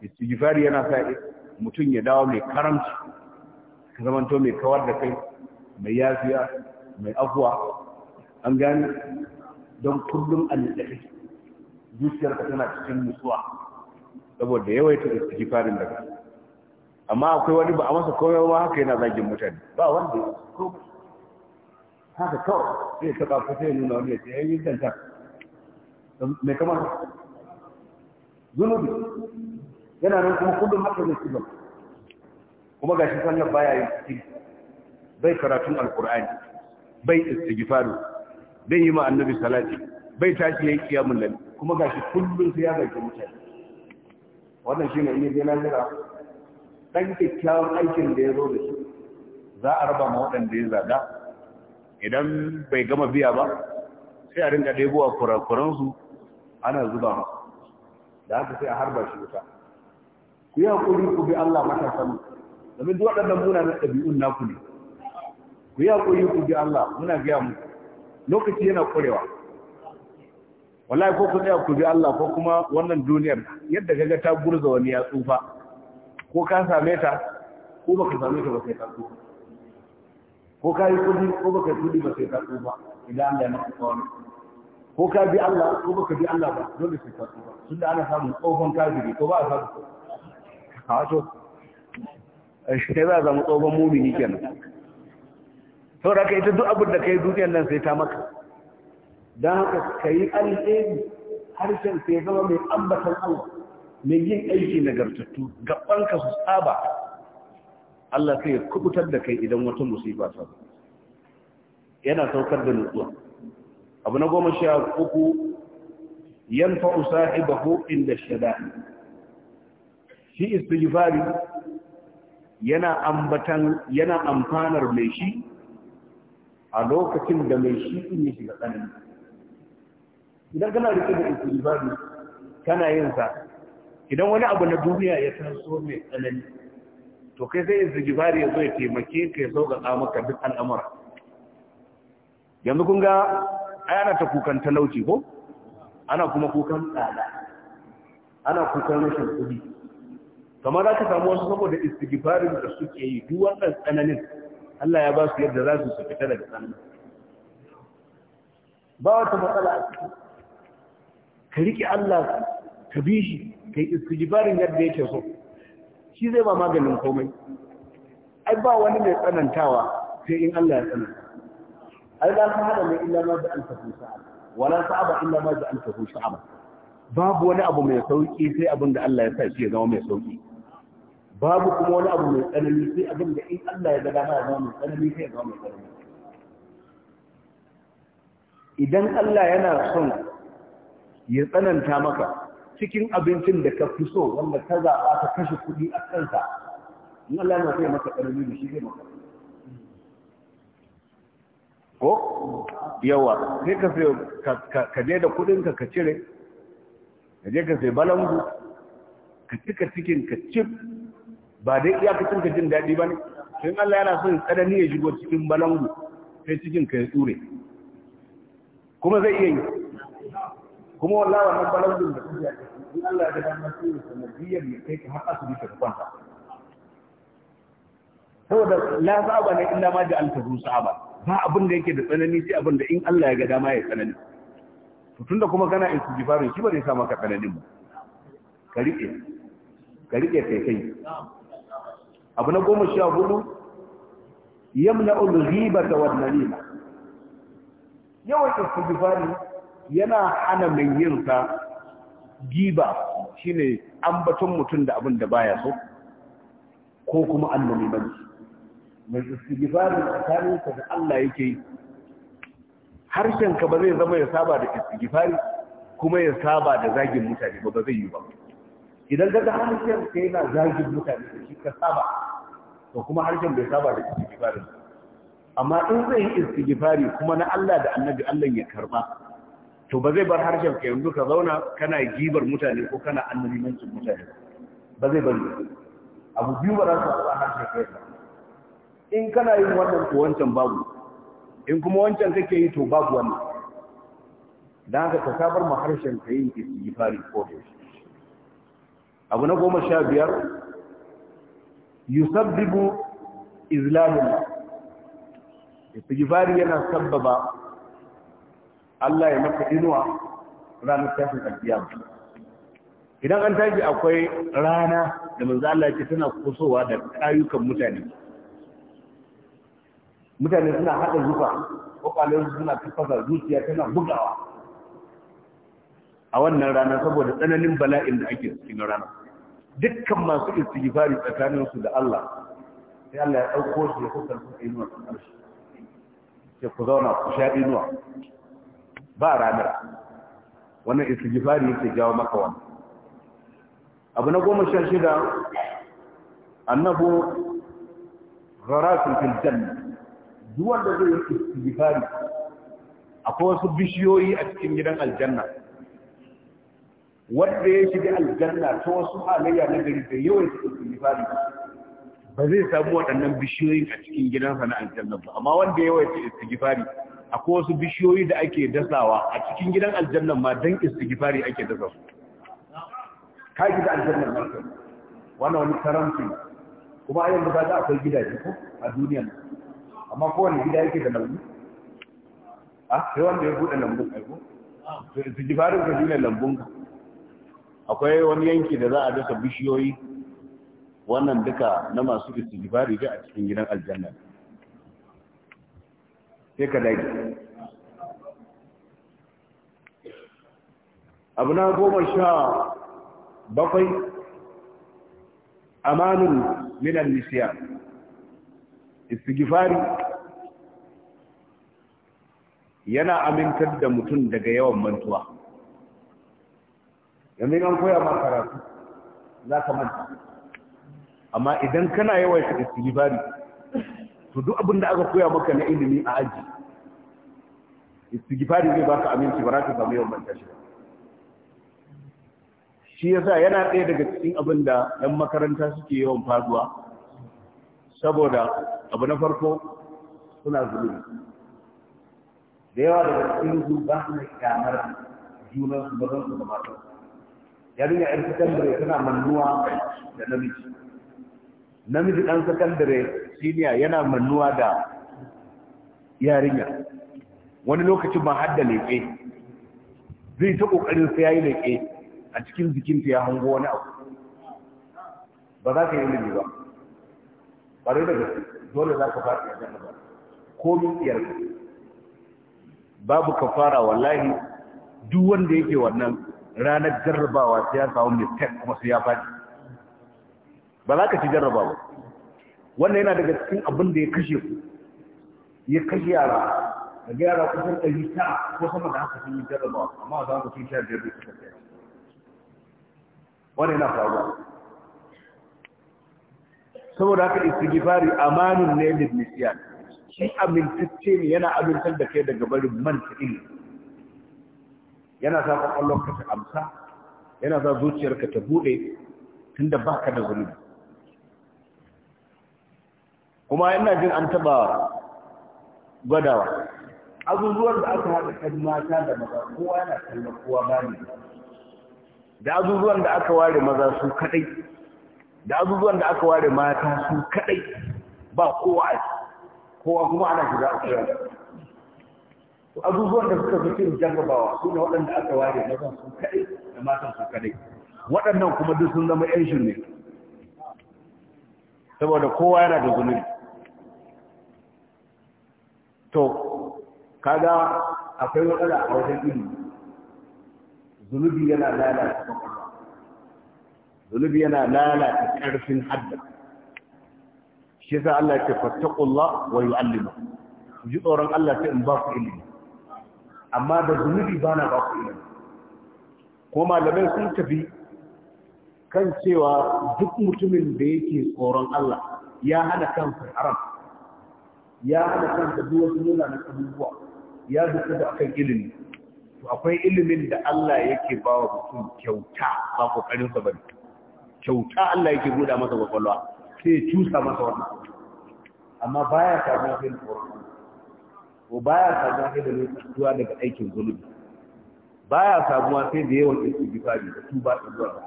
istighfari yana sa mutum ya dawo mai karamci ka zamanto mai kawar da kai mai yafiya mai afuwa an gani don kullum annabi zuciyar ka tana cikin nutsuwa saboda yawaita istighfarin da kai amma akwai wani ba a masa komai ba haka yana zagin mutane ba wanda ya komai haka kawai sai ta kafa sai nuna wani ya ce yayin kanta mai kamar zunubi yana nan kuma kullum haka zai kuma Kuma kuma gashi sannan baya yi cikin bai karatun alkur'ani bai istighfaru bai yi ma annabi salati bai tashi yayin kiyamul lail kuma gashi kullum sai ya gaji mutane wannan shine ne dai nazira dan kyakkyawan aikin da ya zo da shi za a raba ma waɗanda ya zaga idan bai gama biya ba sai a rinka ɗebowa kurakuransu ana zuba ma. da haka sai a harba shi wuta ku yi haƙuri ku bi Allah matasan domin duk waɗannan munanan ɗabi'un naku ne ku yi haƙuri ku bi Allah muna gaya mu lokaci yana ƙurewa wallahi ko ku tsaya ku bi Allah ko kuma wannan duniyar yadda kaga ta gurza wani ya tsufa ko ka same ta ko baka same ta ba sai ka tsufa ko ka yi kudi ko baka kudi ba sai ka tsufa idan Allah ya maka tsawon ko ka bi Allah ko baka bi Allah ba dole sai ka tsufa tunda ana samun tsohon kafiri ko ba a samu a eh, shi za a zama tsohon mumini kenan sau da ka ta duk abin da ka yi duniyar nan sai ta maka don haka ka yi alheri harshen sai zama mai ambatan allah mai yin aiki na gartattu gaban ka su tsaba allah sai ya kubutar da kai idan wata musiba ta yana saukar da nutsuwa abu na goma sha uku fa'usa ibahu inda shada shi istighfari yana ambatan yana amfanar mai shi a lokacin da mai shi din ya shiga tsanani idan kana rike da istighfari kana yin sa idan wani abu na duniya ya taso mai tsanani to kai sai istighfari ya zo ya taimake ka ya sauƙaƙa maka duk al'amura yanzu kun ga ana ta kukan talauci ko ana kuma kukan tsada ana kukan rashin kuɗi kamar za ka samu wasu saboda istigifarin da suke yi duwa ɗan tsananin Allah ya ba su yadda za su su fita daga tsananin ba wata matsala a ciki ka riƙe Allah ka bi shi ka yi istigifarin yadda yake so shi zai ba maganin komai ai ba wani mai tsanantawa sai in Allah ya tsananta ai ba ka hada mai illa ma da an tafi sa'a wala sa'aba illa ma da an tafi sa'a babu wani abu mai sauki sai abin da Allah ya sa shi ya zama mai sauki babu kuma wani abu mai tsanani sai abin da in Allah ya gada ya mai tsanani sai ya zama mai tsanani idan Allah yana son ya tsananta maka cikin abincin da ka fi so wanda ka zaɓa ka kashe kuɗi a kansa in Allah yana so ya maka tsanani da shi zai maka ko yawa sai ka sai ka je da kuɗinka ka cire ka je ka sai balangu ka cika cikin ka cif ba dai iya ka jin daɗi ba ne sai Allah yana son tsanani ya shigo cikin balangu sai cikin ka ya tsure kuma zai iya yi kuma wallahi wannan balangun da kuke in Allah ya ga ne kuma sanadiyar ne kai ka har asibiti ka kwanta saboda la sa'aba ne illa ma ja'alta ru sa'aba ba abin da yake da tsanani sai abin da in Allah ya ga dama ya tsanani to tunda kuma kana jifarin shi ba zai sa maka tsananin ba ka rike ka rike kai kai abu na goma sha hudu yamna'ul da wan nima yawan istighfari yana hana mai yin sa giba shine ambaton mutum da abin da baya so ko kuma annamimanci mai istighfari tsakanin ka da Allah yake harshen ka ba zai zama ya saba da istighfari kuma ya saba da zagin mutane ba ba zai yi ba idan ka ga harshen ka yana zagin mutane shi ka saba to kuma harshen bai saba da istighfari amma in zai yi istighfari kuma na Allah da Annabi Allah ya karba to ba zai bar harshen ka yanzu ka zauna kana gibar mutane ko kana annabimancin mutane ba zai bari abu biyu ba za su saba harshen ka in kana yin wannan to wancan babu in kuma wancan kake yi to babu wannan dan haka ka sabar ma harshen ka yin istighfari ko da abu na goma sha biyar yusabbibu izlamullah istighfari yana sabbaba Allah ya maka inuwa ranar tashin alkiyama idan an tashi akwai rana da manzo Allah yake tana kusowa da ayyukan mutane mutane suna hada zufa kokalin suna tafasa zuciya tana bugawa a wannan rana saboda tsananin bala'in da ake cikin rana dukkan masu istighfari tsakaninsu da Allah sai Allah ya dauko shi ya kusa su inuwa ta karshe sai ku zauna ku sha inuwa ba ranar wannan istighfari yake jawo maka wannan abu na goma sha shida annabu gharatun fil janna duk wanda zai yi istighfari akwai wasu bishiyoyi a cikin gidan aljanna wanda ya shiga aljanna ta wasu halayya na gari da yawan cikin ibadi ba zai samu waɗannan bishiyoyin a cikin gidansa na aljanna ba amma wanda yawan cikin istighfari akwai wasu bishiyoyi da ake dasawa a cikin gidan aljanna ma dan istighfari ake dasa su ka gida aljanna ma wannan wani karamci kuma a yanzu ba za akwai gidaje ko a duniya amma kowane gida yake da lambu a ah, sai wanda ya buɗe lambun aiko to istighfarin ka shine lambun ka akwai wani yanki da za a dasa bishiyoyi wannan duka na masu istijibari da a cikin gidan aljanna sai ka dage abu na goma sha bakwai amanin minan nisiya istigifari yana amintar da mutum daga yawan mantuwa yanzu an koya ma karatu za ka manta amma idan kana yawan shi istighfari to duk abin da aka koya maka na ilimi a aji istighfari zai baka aminci ba za ka samu yawan manta shi shi yasa yana ɗaya daga cikin abinda da makaranta suke yawan faduwa saboda abu na farko suna zulumi da yawa daga cikin su ba su da kyamar junan su zan su da matan yarinya yar sakandare tana mannuwa da namiji namiji dan sakandare siniya yana mannuwa da yarinya wani lokacin ba hadda leƙe zai ta ƙoƙarin sai ya yi leƙe a cikin jikinta ya hango wani abu ba za ka yi ilimi ba ƙwarai da gaske dole za ka fara yadda ba ko mutiyar babu ka fara wallahi duk wanda yake wannan ranar jarrabawa sai ya samu mistake kuma sai ya faɗi ba za ka ci jarraba ba wannan yana daga cikin abin da ya kashe ku ya kashe yara daga yara kusan ɗari ta ko sama da haka sun yi jarrabawa amma za mu sun shayar biyar da suka kai wannan yana faruwa saboda haka istighfari amanun ne lil nisyan shi amintacce ne yana amintar da kai daga barin manta ilimin yana sa Allah ta amsa yana sa zuciyarka ta buɗe tunda baka da zulubi kuma ina jin an taɓa gwadawa azuzuwar da aka haɗa kan mata da maza kowa yana kallon kowa bani da azuzuwan da aka ware maza su kaɗai da azuzuwan da aka ware mata su kaɗai ba kowa kowa kuma ana shiga a to abubuwan da suka fi cin jarrabawa su ne waɗanda aka ware mazan su kaɗai da matan su kaɗai waɗannan kuma duk sun zama yan shirme saboda kowa yana da zunubi to kaga akwai matsala a wajen ilimi zunubi yana lalata kwakwalwa zunubi yana lalata ƙarfin hadda shi yasa Allah ya ce fattaqullah wa yu'allimu ji tsoron Allah sai in ba ku ilimi amma da zunubi ba na baku ilimi ko malamai sun tafi kan cewa duk mutumin da yake tsoron Allah ya hana su haram ya hana kan duk wasu nuna na abubuwa ya duka da akan ilimi to akwai ilimin da Allah yake ba wa mutum kyauta ba kokarin ba kyauta Allah yake buɗa masa kwakwalwa sai ya cusa masa wannan amma baya samuwa sai tsoron ko baya samuwa sai da lokaciwa daga aikin zunubi baya sabuwa sai da yawan istighfari da tuba da zuwa ga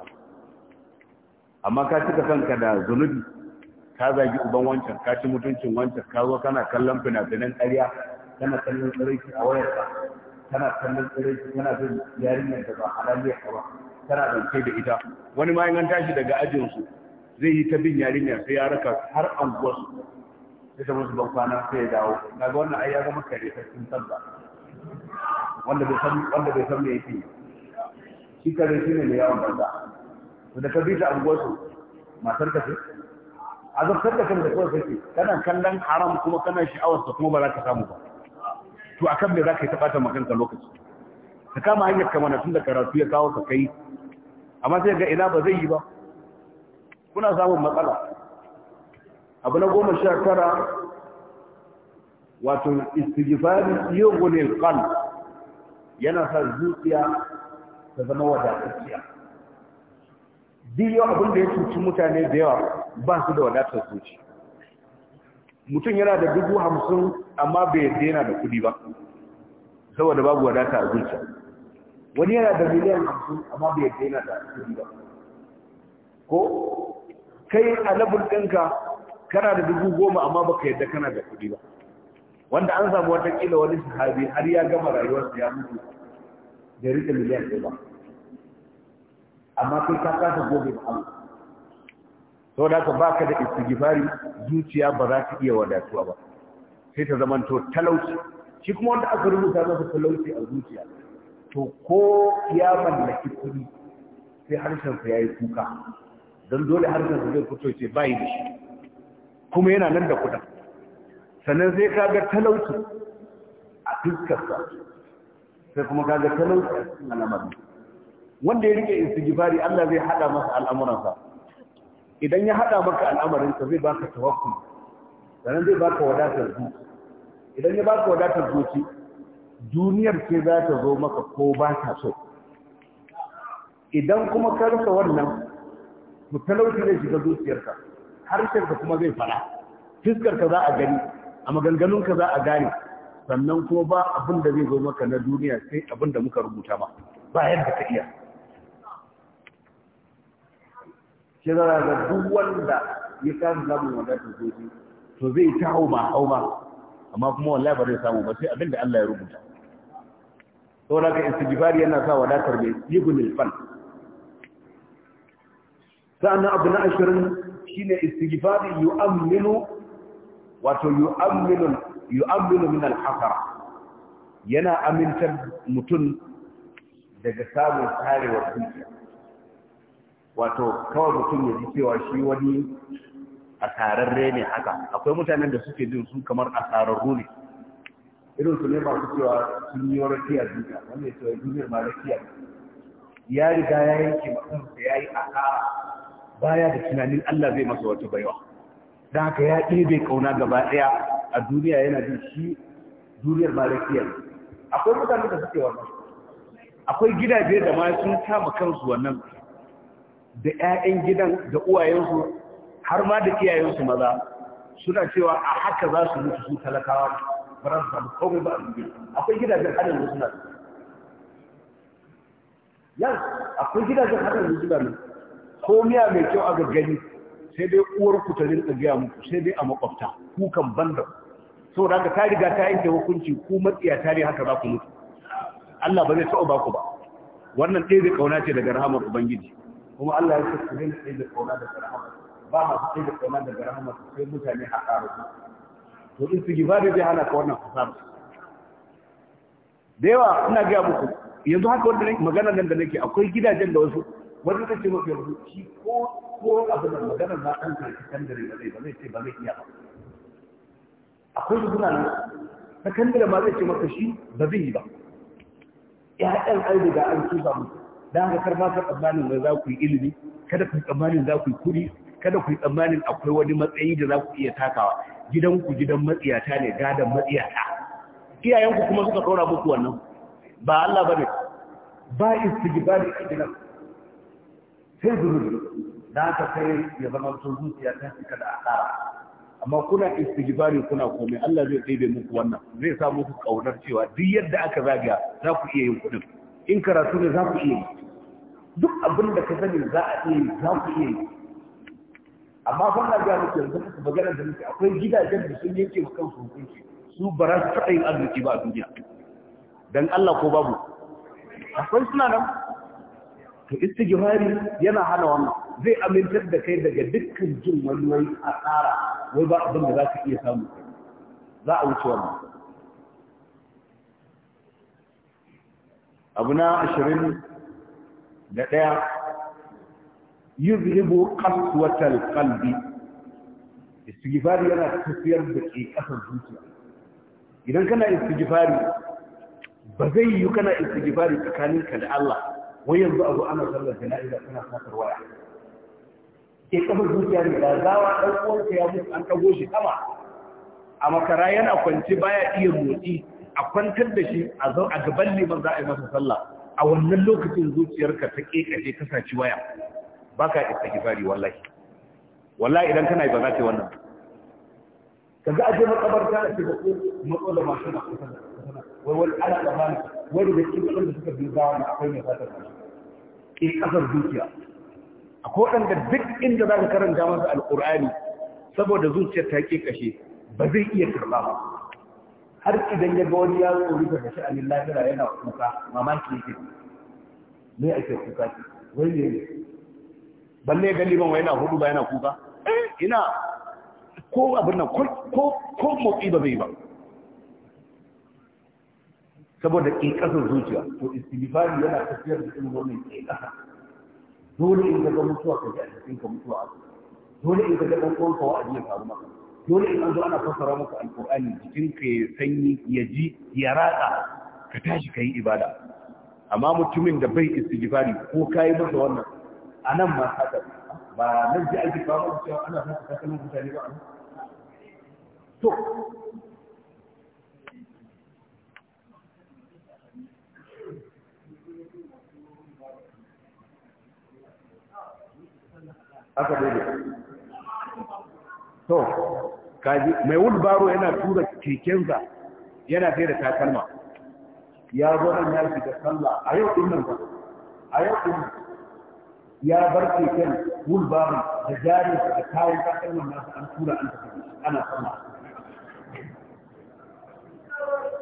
amma ka cika kanka da zunubi ka zagi uban wancan ka ci mutuncin wancan ka zo kana kallon fina-finan ƙarya kana kallon tsiraici a wayarka kana kallon tsiraici kana bin yarinyar da ba halaliyar ka ba kana ɗauke da ita wani ma in an tashi daga ajinsu zai yi ta bin yarinyar sai ya raka har anguwarsu ya ta ban kwana sai ya dawo na ga wannan ai ya zama kare sarkin sabba wanda bai san wanda bai me yake shi kare shi ne mai yawan banza to da ka bi ta anguwarsu matar ka ce azabtar da kanka kawai kake kana kallon haram kuma kana sha'awarsa ta kuma ba za ka samu ba to a kan me za ka yi ta bata makanka lokaci ka kama hanyar kamana tun da karatu ya kawo ka kai amma sai ga ina ba zai yi ba kuna samun matsala abu na goma sha tara wato istighfari yughnil kan yana sa zuciya ta zama wadatacciya biyo abin da ya cuci mutane da yawa ba su da wadatar zuci mutum yana da dubu hamsin amma bai yadda yana da kudi ba saboda babu wadata a zuciya wani yana da miliyan hamsin amma bai yadda yana da kudi ba ko kai alabul ɗinka kana da dubu goma amma baka yadda kana da kuɗi ba wanda an samu kila wani sahabi har ya gama rayuwarsa ya mutu da riƙe miliyan ɗaya ba amma kai ka kasa gobe da Allah sau da ka baka da istighfari zuciya ba za ta iya wadatuwa ba sai ta zamanto talauci shi kuma wanda aka rubuta masa talauci a zuciya to ko ya mallaki kuɗi sai harshensa ya yi kuka don dole harshensa zai fito ce bayi da shi kuma yana nan da kudin sannan sai ka ga talauci a fuskarsa sai kuma ka ga talauci a cikin al'amari wanda ya rike istighfari Allah zai hada masa al'amuransa idan ya hada maka al'amarinka zai baka tawakkul sannan zai baka wadatar zuci idan ya baka wadatar zuci duniyar ce za ta zo maka ko ba ta so idan kuma ka rasa wannan to talauci zai shiga zuciyarka harshen ka kuma zai fada fiskar ka za a gani a maganganun ka za a gane sannan kuma ba abin da zai zo maka na duniya sai abin da muka rubuta ba ba yadda ka iya shi zara da duk wanda ya kasa samun wadatar zoji to zai ta hau ba hau ba amma kuma wallahi ba zai samu ba sai abin da Allah ya rubuta saboda ka istighfari yana sa wadatar mai yibnil fan sa'annan abu na ashirin shine istighfari yu'ammilu wato yu'ammilu yu'ammilu min al-hasara yana amintar mutum daga samun karewar zuciya wato kawai mutum ya ji cewa shi wani asararre ne haka akwai mutanen da suke jin su kamar asararru ne irin su ne masu cewa sun yi wa rakiya duniya wanda ya cewa duniyar ma rakiya ya riga ya yanke mutum da ya yi asara baya da tunanin Allah zai masa wata baiwa don haka ya ɗebe kauna gaba ɗaya a duniya yana jin shi duniyar malakiyar akwai mutane da suke wannan akwai gidaje da ma sun kama kansu wannan da ƴaƴan gidan da uwayensu har ma da iyayensu maza suna cewa a haka za su mutu su talakawa ba za su samu komai ba a duniya akwai gidajen har yanzu suna nan akwai gidajen har da suna nan ko miya mai kyau a gani sai dai uwar ku ta rinka gaya muku sai dai a makwabta ku kan banda so da ta riga ta yanke hukunci ku matsiya ta ne haka za ku mutu Allah ba zai taɓa ba ku ba wannan ɗaya da kauna ce daga rahamar ubangiji kuma Allah ya ce ku rinka ɗaya da kauna daga rahamar ba ma ɗaya da kauna daga rahamar sai mutane a ƙara to in su gibari zai hana ka wannan fasara da yawa ina gaya muku yanzu haka wanda maganar nan da nake akwai gidajen da wasu wani ka ce mafi yanzu shi ko ko abu da maganar na ɗan karfi kandare ba zai ba zai ce ba zai iya ba akwai rubuna ne na kandare ma zai ce maka shi ba zai yi ba ya'yan an da an tuba mu. dan haka kar ta tsammanin mai za ku yi ilimi kada ku yi tsammanin za ku yi kuɗi kada ku yi tsammanin akwai wani matsayi da za ku iya takawa Gidan ku gidan matsiyata ne gadon matsiyata iyayenku kuma suka ɗora muku wannan ba Allah ba ne ba istigbari a sai zunubi da aka sai ya zama to zuciya ta cika da akara amma kuna istighfari kuna komai Allah zai da muku wannan zai sa muku kaunar cewa duk yadda aka zagaya za ku iya yin kudin in karatu ne za ku iya yi duk abin da ka sani za a iya yi za ku iya yi amma fa na ga muke yanzu ku bagana da muke akwai gidajen da sun yanke wa kansu hukunci su ba za su taɓa yin arziki ba a duniya dan Allah ko babu akwai suna nan to istighfari yana hana wannan zai amintar da kai daga dukkan jin wani wai a tsara wai ba abin da za ka iya samu za a wuce wannan abu na ashirin da ɗaya yuzhibu qaswatal qalbi istighfari yana tafiyar da ke kasar zuciya idan kana istighfari ba zai yi kana istighfari tsakaninka da Allah wai yanzu a ana sallar jana'iza kana sakar waya ke kafa zuciya ne da zawa ɗan uwanka ya mutu an ɗago shi sama a makara yana kwanci baya iya motsi a kwantar da shi a zo a gaban liman za a yi masa sallah a wannan lokacin zuciyarka ta kekace ta saci waya baka istighfari wallahi wallahi idan kana yi ba za ta yi wannan kaga aje makabarta a ce ko matsalar masu na kusa wai wani ana tsammanin wani da cikin waɗanda suka bi ba na akwai mai fatar hannu ke kasar dukiya ɗan da duk inda za ka karanta masa alƙur'ani saboda zuciyar ta ke kashe ba zai iya karɓa ba har idan ya ga wani ya tsori a sha'anin lafiya yana kuka mamaki yake me ake kuka wai ne balle gani ban wai yana hudu ba yana kuka eh ina ko abin nan ko ko mutsi ba zai ba saboda ƙiƙasar zuciya to istilifari yana tafiyar da irin wannan ƙiƙasa dole in gaba ga mutuwa ka ji a cikin ka mutuwa a dole in gaba ga ɗan a wa'azi ya faru maka dole in an zo ana fassara maka alƙur'ani jikin ka ya sanyi ya ji ya ratsa ka tashi ka yi ibada amma mutumin da bai istilifari ko ka yi masa wannan a nan ma haka ba nan ji ake fama da ana sa ka kallon mutane ba to aka daidai to kaji mai wulbaro yana tura kekensa yana sai da takalma ya zo nan ya da sallah a yau din nan ba a yau din ya bar keken wulbaro da jari da kayan takalman nasu an tura an tafi ana sama.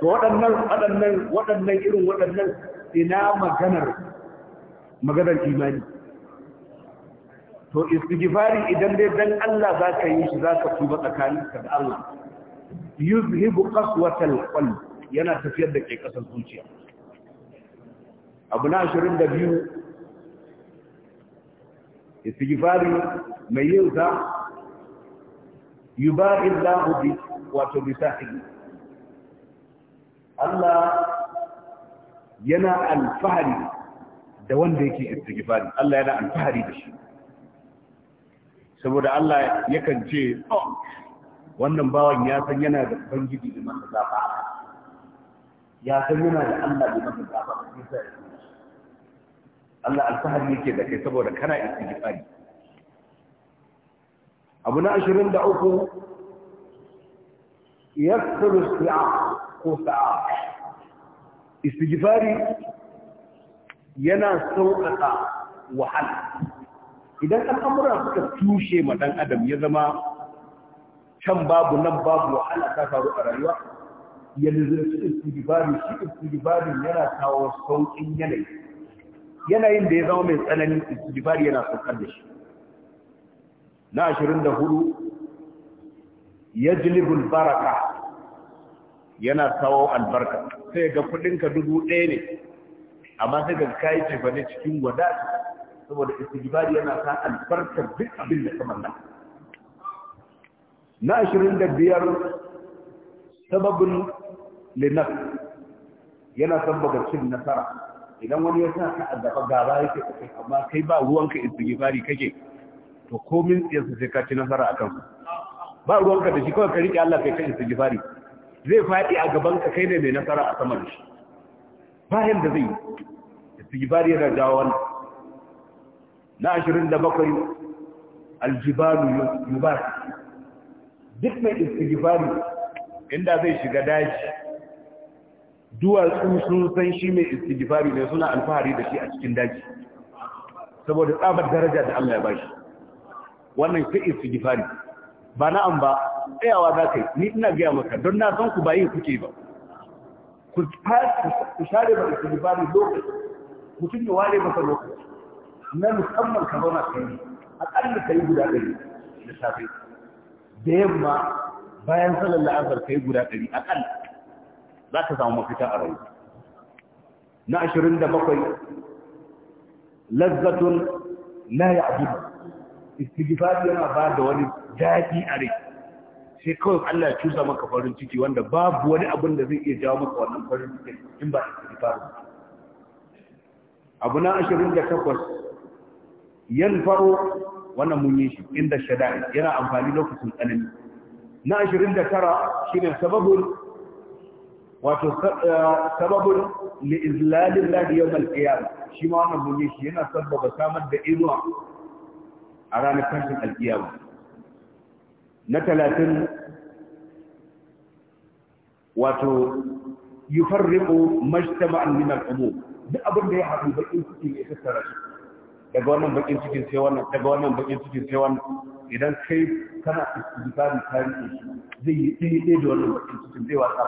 to waɗannan waɗannan waɗannan irin waɗannan ina maganar maganar imani to istighfari idan dai dan Allah zaka yi shi zaka tuba tsakaninka da Allah yuzhibu qaswatal qalb yana tafiyar da ke kasar zuciya abu na 22 istighfari mai yin sa bi sahibi Allah yana alfahari da wanda yake istighfari Allah yana alfahari da shi saboda Allah yakan ce oh, wannan bawan ya san yana da ubangiji da masa zafa ya san yana da Allah da masa zafa Allah alfahari yake da kai saboda kana istighfari abu na 23 yaksuru sa'a ko sa'a istighfari yana sauƙaƙa wahala idan al'amura suka tushe ma dan adam ya zama can babu nan babu wahala ta faru a rayuwa zai su istigibari shi istigibari yana kawo sauƙin yanayi yanayin da ya zama mai tsanani istigibari yana saukar da shi na ashirin da hudu ya baraka yana kawo albarka sai ga kudinka dubu ɗaya ne amma sai ga kayi cefane cikin wadata saboda istighfari yana sa albarkar duk abin da kamar nan na 25 sababin linaf yana sabbaga cin nasara idan wani ya sa ka a gaba gaba yake kake amma kai ba ruwanka istighfari kake to komin tsiyarsa sai ka ci nasara a kansu ba ruwanka da shi kawai ka riƙe Allah kai ka istighfari zai faɗi a gaban ka kai ne mai nasara a saman shi bayan da zai istighfari yana jawo wannan na bakwai aljibalu yubar duk mai istighfari inda zai shiga daji duwatsu sun san shi mai istighfari ne suna alfahari da shi a cikin daji saboda tsabar daraja da Allah ya bashi wannan sai istighfari ba na'am ba tsayawa za ka yi ni ina gaya maka don na san ku bayin kuke ba ku share ba istighfari lokaci mutum ya ware masa lokaci Amma musamman ka zauna ka yi aƙalla ka yi guda ɗari da safe da yamma bayan salon la'azar ka yi guda ɗari aƙalla za ka samu mafita a rai na ashirin da bakwai lazzatun la ya abu istighfar yana ba da wani daɗi a rai sai kawai Allah ya cusa maka farin ciki wanda babu wani abin da zai iya jawo maka wannan farin ciki in ba istighfar abu na ashirin da takwas yanfaro wannan mun yi shi inda shada'i yana amfani lokacin tsanani na 29 shine sababul wato eh, sababul li izlalil lahi yawm al-qiyam shi ma wannan mun yi shi yana sababa samar da inuwa a ranar tashin al na 30 wato yufarriqu majtama'an min al-umum duk abin da ya haɗu bakin ciki ne tattara shi daga wannan bakin cikin sai wannan daga wannan bakin cikin sai wannan idan kai kana istighfari tarihi, zai yi dai dai da wannan bakin cikin zai wasa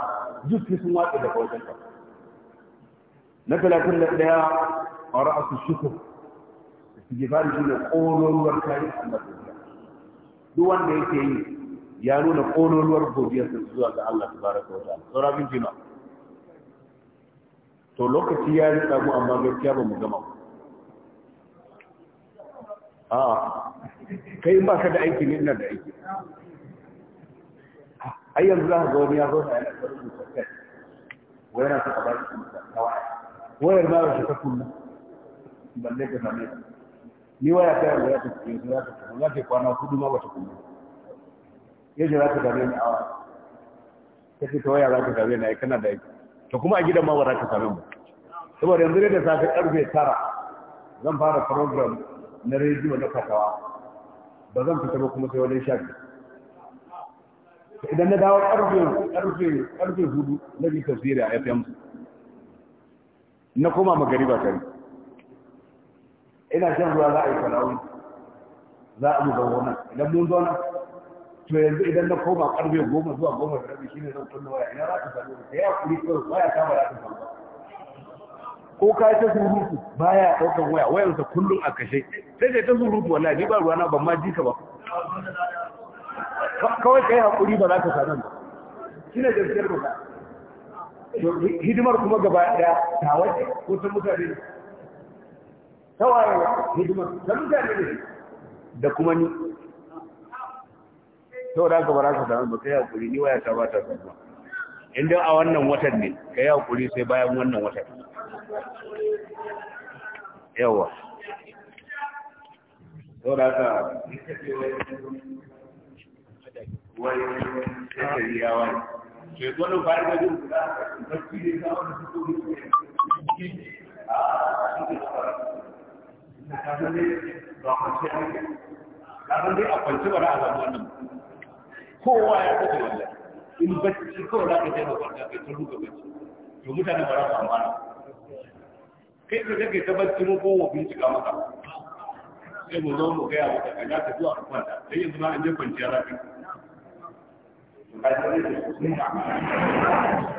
duk sai sun watsa daga wajen ka na 31 ra'asu shukr istighfari shi ne tarihi kai Allah duk wanda yake yi ya nuna ƙoruwar godiyar sa zuwa ga Allah tabaraka wa ta'ala saura bin jima to lokaci ya rika mu amma gaskiya ba mu gama ba kai ba ka da aiki ne ina da aiki ai yanzu za ka ga wani ya zo da yana da rubuta kai wai yana suka ba su kawai wayar ba shi ta kunna balle ka same ta ni waya ta yanzu ya ta yanzu ya ta kuma za ta kwana hudu ma bata kunna ji za ta same ni awa ta ce ta waya za ka same ni kana da aiki to kuma a gidan ma ba za ka same mu saboda yanzu ne da safe karfe tara zan fara program na rediyo na kasawa ba zan fita ba kuma sai wajen sha biyu idan na dawo karfe hudu na bi tafsiri a fm na koma ba kari ina shan ruwa za a yi falawi za a buga wannan idan mun zo na, to yanzu idan na koma karfe goma zuwa goma da rabi ne zan kunna waya ina za ta samu da ya kuri kawai waya ta ba za ta samu ba ko ka ta surutu baya daukan waya wayansa kullum a kashe sai kai ta surutu wallahi ni ba ruwa na ban ma jika ba kawai kai hakuri ba za ka ba. shine gaskiyar ba hidimar kuma gaba daya ta wace ko ta mutane ne tawaye hidimar ta mutane ne da kuma ni sau da aka baraka sanar ba kai hakuri ni waya ta ba ta sanuwa Indin a wannan watan ne kai hakuri sai bayan wannan watan yawa sau da ah, ka ya ya mutane ba za su kai ka kake ta bacci mu ko mu bincika maka sai mu zo mu gaya maka ka ta zuwa ka kwanta sai yanzu ma an je kwanciya